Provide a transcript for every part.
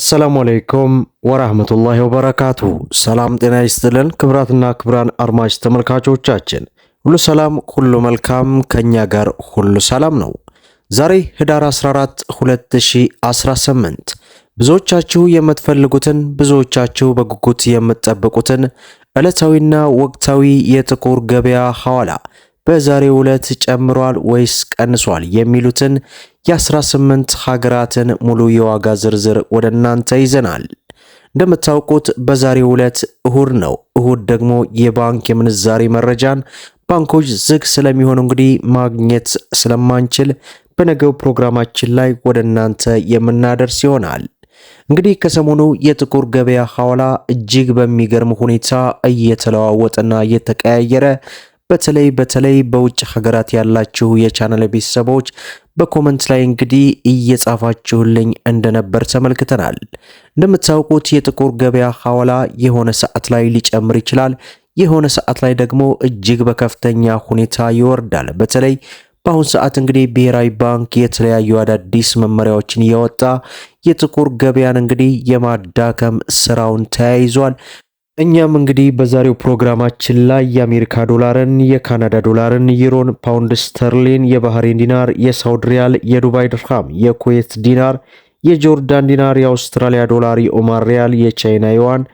አሰላሙ አለይኩም ወራህመቱላሂ ወበረካቱ። ሰላም ጤና ይስጥልን ክብራትና ክብራን አድማጭ ተመልካቾቻችን ሁሉ ሰላም ሁሉ መልካም፣ ከኛ ጋር ሁሉ ሰላም ነው። ዛሬ ህዳር 14 2018 ብዙዎቻችሁ የምትፈልጉትን ብዙዎቻችሁ በጉጉት የምትጠብቁትን ዕለታዊና ወቅታዊ የጥቁር ገበያ ሐዋላ በዛሬው ዕለት ጨምሯል ወይስ ቀንሷል የሚሉትን የ18 ሀገራትን ሙሉ የዋጋ ዝርዝር ወደ እናንተ ይዘናል። እንደምታውቁት በዛሬው ዕለት እሁድ ነው። እሁድ ደግሞ የባንክ የምንዛሬ መረጃን ባንኮች ዝግ ስለሚሆኑ እንግዲህ ማግኘት ስለማንችል በነገው ፕሮግራማችን ላይ ወደ እናንተ የምናደርስ ይሆናል። እንግዲህ ከሰሞኑ የጥቁር ገበያ ሐዋላ እጅግ በሚገርም ሁኔታ እየተለዋወጠና እየተቀያየረ በተለይ በተለይ በውጭ ሀገራት ያላችሁ የቻናል ቤተሰቦች በኮመንት ላይ እንግዲህ እየጻፋችሁልኝ እንደነበር ተመልክተናል። እንደምታውቁት የጥቁር ገበያ ሐዋላ የሆነ ሰዓት ላይ ሊጨምር ይችላል፣ የሆነ ሰዓት ላይ ደግሞ እጅግ በከፍተኛ ሁኔታ ይወርዳል። በተለይ በአሁን ሰዓት እንግዲህ ብሔራዊ ባንክ የተለያዩ አዳዲስ መመሪያዎችን እያወጣ የጥቁር ገበያን እንግዲህ የማዳከም ስራውን ተያይዟል። እኛም እንግዲህ በዛሬው ፕሮግራማችን ላይ የአሜሪካ ዶላርን፣ የካናዳ ዶላርን፣ ዩሮን፣ ፓውንድ ስተርሊን፣ የባህሬን ዲናር፣ የሳውድ ሪያል፣ የዱባይ ድርሃም፣ የኩዌት ዲናር፣ የጆርዳን ዲናር፣ የአውስትራሊያ ዶላር፣ የኦማር ሪያል፣ የቻይና ዩዋን፣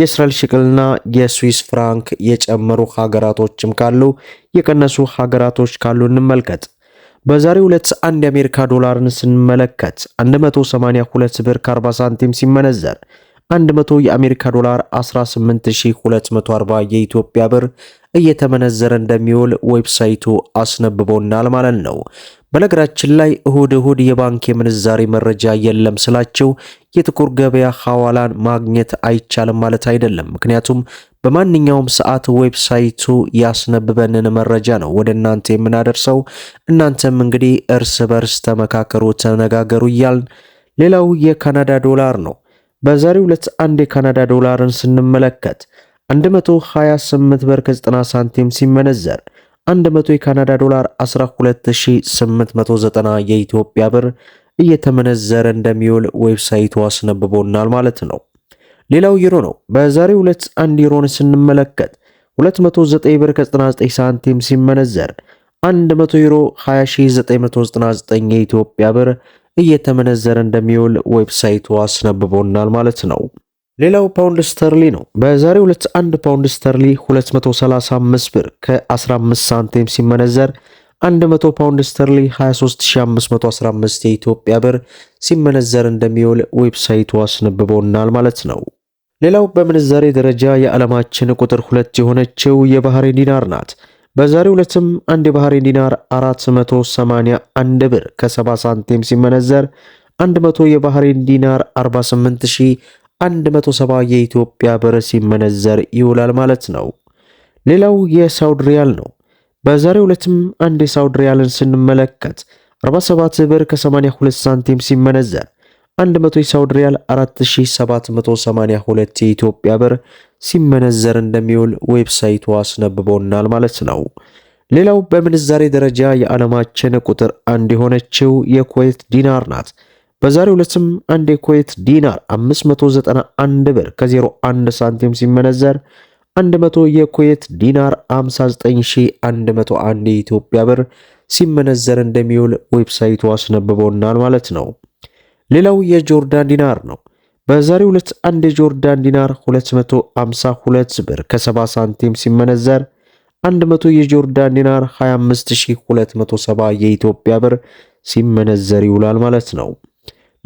የእስራኤል ሽቅልና የስዊስ ፍራንክ የጨመሩ ሀገራቶችም ካሉ የቀነሱ ሀገራቶች ካሉ እንመልከት። በዛሬው ዕለት አንድ የአሜሪካ ዶላርን ስንመለከት 182 ብር ከ40 ሳንቲም ሲመነዘር 100 የአሜሪካ ዶላር 18240 የኢትዮጵያ ብር እየተመነዘረ እንደሚውል ዌብሳይቱ አስነብቦናል ማለት ነው። በነገራችን ላይ እሁድ እሁድ የባንክ የምንዛሬ መረጃ የለም ስላቸው የጥቁር ገበያ ሐዋላን ማግኘት አይቻልም ማለት አይደለም። ምክንያቱም በማንኛውም ሰዓት ዌብሳይቱ ያስነብበንን መረጃ ነው ወደ እናንተ የምናደርሰው። እናንተም እንግዲህ እርስ በርስ ተመካከሩ፣ ተነጋገሩ እያልን ሌላው የካናዳ ዶላር ነው። በዛሬው ዕለት አንድ የካናዳ ዶላርን ስንመለከት 128 ብር ከ90 ሳንቲም ሲመነዘር 100 የካናዳ ዶላር 12890 የኢትዮጵያ ብር እየተመነዘረ እንደሚውል ዌብሳይቱ አስነብቦናል ማለት ነው። ሌላው ዩሮ ነው። በዛሬው ዕለት አንድ ዩሮን ስንመለከት 209 ብር ከ99 ሳንቲም ሲመነዘር 100 ዩሮ 20999 የኢትዮጵያ ብር እየተመነዘረ እንደሚውል ዌብሳይቱ አስነብቦናል ማለት ነው። ሌላው ፓውንድ ስተርሊ ነው። በዛሬው ዕለት አንድ ፓውንድ ስተርሊ 235 ብር ከ15 ሳንቲም ሲመነዘር 100 ፓውንድ ስተርሊ 23515 የኢትዮጵያ ብር ሲመነዘር እንደሚውል ዌብሳይቱ አስነብቦናል ማለት ነው። ሌላው በምንዛሬ ደረጃ የዓለማችን ቁጥር ሁለት የሆነችው የባህሬን ዲናር ናት። በዛሬው ዕለትም አንድ የባህሬን ዲናር 481 ብር ከ70 ሳንቲም ሲመነዘር 100 የባህሬን ዲናር 48170 የኢትዮጵያ ብር ሲመነዘር ይውላል ማለት ነው። ሌላው የሳውዲ ሪያል ነው። በዛሬው ዕለትም አንድ የሳውዲ ሪያልን ስንመለከት 47 ብር ከ82 ሳንቲም ሲመነዘር 100 የሳውዲ ሪያል 4782 የኢትዮጵያ ብር ሲመነዘር እንደሚውል ዌብሳይቱ አስነብቦናል ማለት ነው። ሌላው በምንዛሬ ደረጃ የዓለማችን ቁጥር አንድ የሆነችው የኩዌት ዲናር ናት። በዛሬው ዕለትም አንድ የኩዌት ዲናር 591 ብር ከ01 ሳንቲም ሲመነዘር 100 የኩዌት ዲናር 59101 የኢትዮጵያ ብር ሲመነዘር እንደሚውል ዌብሳይቱ አስነብቦናል ማለት ነው። ሌላው የጆርዳን ዲናር ነው። በዛሬው ዕለት አንድ የጆርዳን ዲናር 252 ብር ከ70 ሳንቲም ሲመነዘር 100 የጆርዳን ዲናር 25270 የኢትዮጵያ ብር ሲመነዘር ይውላል ማለት ነው።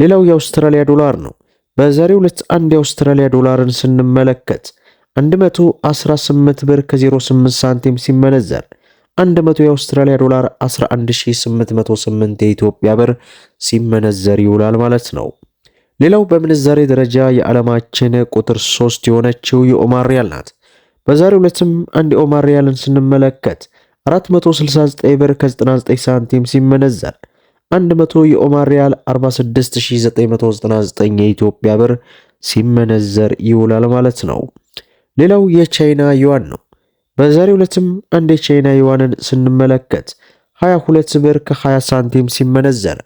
ሌላው የአውስትራሊያ ዶላር ነው። በዛሬው ዕለት አንድ የአውስትራሊያ ዶላርን ስንመለከት 118 ብር ከ08 ሳንቲም ሲመነዘር 100 የአውስትራሊያ ዶላር 11808 የኢትዮጵያ ብር ሲመነዘር ይውላል ማለት ነው። ሌላው በምንዛሬ ደረጃ የዓለማችን ቁጥር 3 የሆነችው የኦማር ሪያል ናት። በዛሬው ዕለትም አንድ የኦማር ሪያልን ስንመለከት 469 ብር ከ99 ሳንቲም ሲመነዘር 100 የኦማር ሪያል 46999 የኢትዮጵያ ብር ሲመነዘር ይውላል ማለት ነው። ሌላው የቻይና ዩዋን ነው። በዛሬ ዕለትም አንድ የቻይና ዩዋንን ስንመለከት 22 ብር ከ20 ሳንቲም ሲመነዘር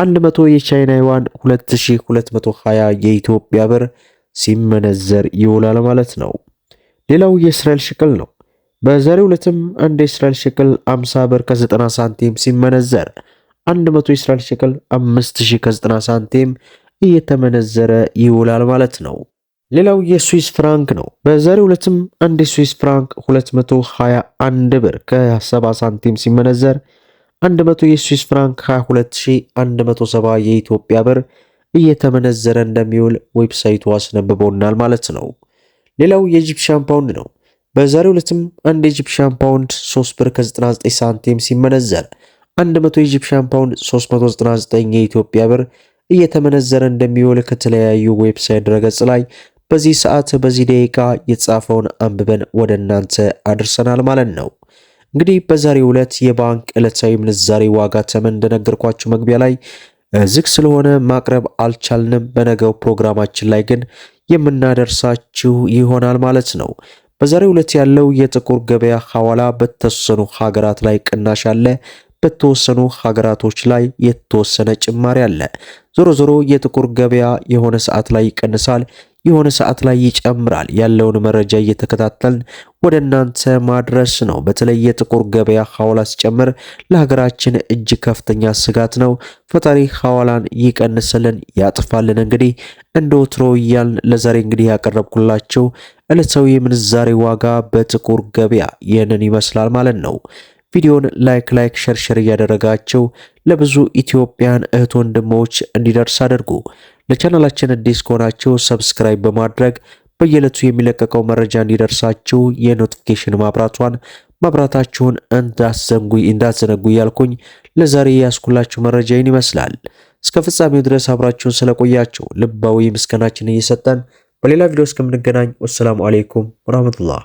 100 የቻይና ዩዋን 2220 የኢትዮጵያ ብር ሲመነዘር ይውላል ማለት ነው። ሌላው የእስራኤል ሽቅል ነው። በዛሬ ዕለትም አንድ የእስራኤል ሽቅል 50 ብር ከ90 ሳንቲም ሲመነዘር 100 የእስራኤል ሽቅል 5090 ሳንቲም እየተመነዘረ ይውላል ማለት ነው። ሌላው የስዊስ ፍራንክ ነው። በዛሬው ዕለትም አንድ የስዊስ ፍራንክ 221 ብር ከ70 ሳንቲም ሲመነዘር 100 የስዊስ ፍራንክ 22170 የኢትዮጵያ ብር እየተመነዘረ እንደሚውል ዌብሳይቱ አስነብቦናል ማለት ነው። ሌላው የኢጂፕሽያን ፓውንድ ነው። በዛሬው ዕለትም አንድ የኢጂፕሽያን ፓውንድ 3 ብር ከ99 ሳንቲም ሲመነዘር 100 የኢጂፕሽያን ፓውንድ 399 የኢትዮጵያ ብር እየተመነዘረ እንደሚውል ከተለያዩ ዌብሳይት ድረገጽ ላይ በዚህ ሰዓት በዚህ ደቂቃ የተጻፈውን አንብበን ወደ እናንተ አድርሰናል ማለት ነው። እንግዲህ በዛሬው ዕለት የባንክ ዕለታዊ ምንዛሬ ዋጋ ተመን እንደነገርኳችሁ መግቢያ ላይ ዝግ ስለሆነ ማቅረብ አልቻልንም። በነገው ፕሮግራማችን ላይ ግን የምናደርሳችሁ ይሆናል ማለት ነው። በዛሬው ዕለት ያለው የጥቁር ገበያ ሐዋላ በተወሰኑ ሀገራት ላይ ቅናሽ አለ። በተወሰኑ ሀገራቶች ላይ የተወሰነ ጭማሪ አለ። ዞሮ ዞሮ የጥቁር ገበያ የሆነ ሰዓት ላይ ይቀንሳል፣ የሆነ ሰዓት ላይ ይጨምራል። ያለውን መረጃ እየተከታተልን ወደ እናንተ ማድረስ ነው። በተለይ የጥቁር ገበያ ሐዋላ ሲጨምር ለሀገራችን እጅግ ከፍተኛ ስጋት ነው። ፈጣሪ ሐዋላን ይቀንስልን፣ ያጥፋልን። እንግዲህ እንደ ወትሮ እያልን ለዛሬ እንግዲህ ያቀረብኩላቸው ዕለታዊ የምንዛሬ ዋጋ በጥቁር ገበያ ይህንን ይመስላል ማለት ነው። ቪዲዮን ላይክ ላይክ ሸርሸር እያደረጋቸው ለብዙ ኢትዮጵያን እህት ወንድሞች እንዲደርስ አድርጉ። ለቻናላችን አዲስ ከሆናችሁ ሰብስክራይብ በማድረግ በየዕለቱ የሚለቀቀው መረጃ እንዲደርሳችሁ የኖቲፊኬሽን ማብራቷን ማብራታችሁን እንዳትዘንጉ እንዳትዘነጉ እያልኩኝ ለዛሬ ያስኩላችሁ መረጃ ይህን ይመስላል። እስከ ፍጻሜው ድረስ አብራችሁን ስለቆያችሁ ልባዊ ምስጋናችን እየሰጠን በሌላ ቪዲዮ እስከምንገናኝ ወሰላሙ አሌይኩም ወራህመቱላህ።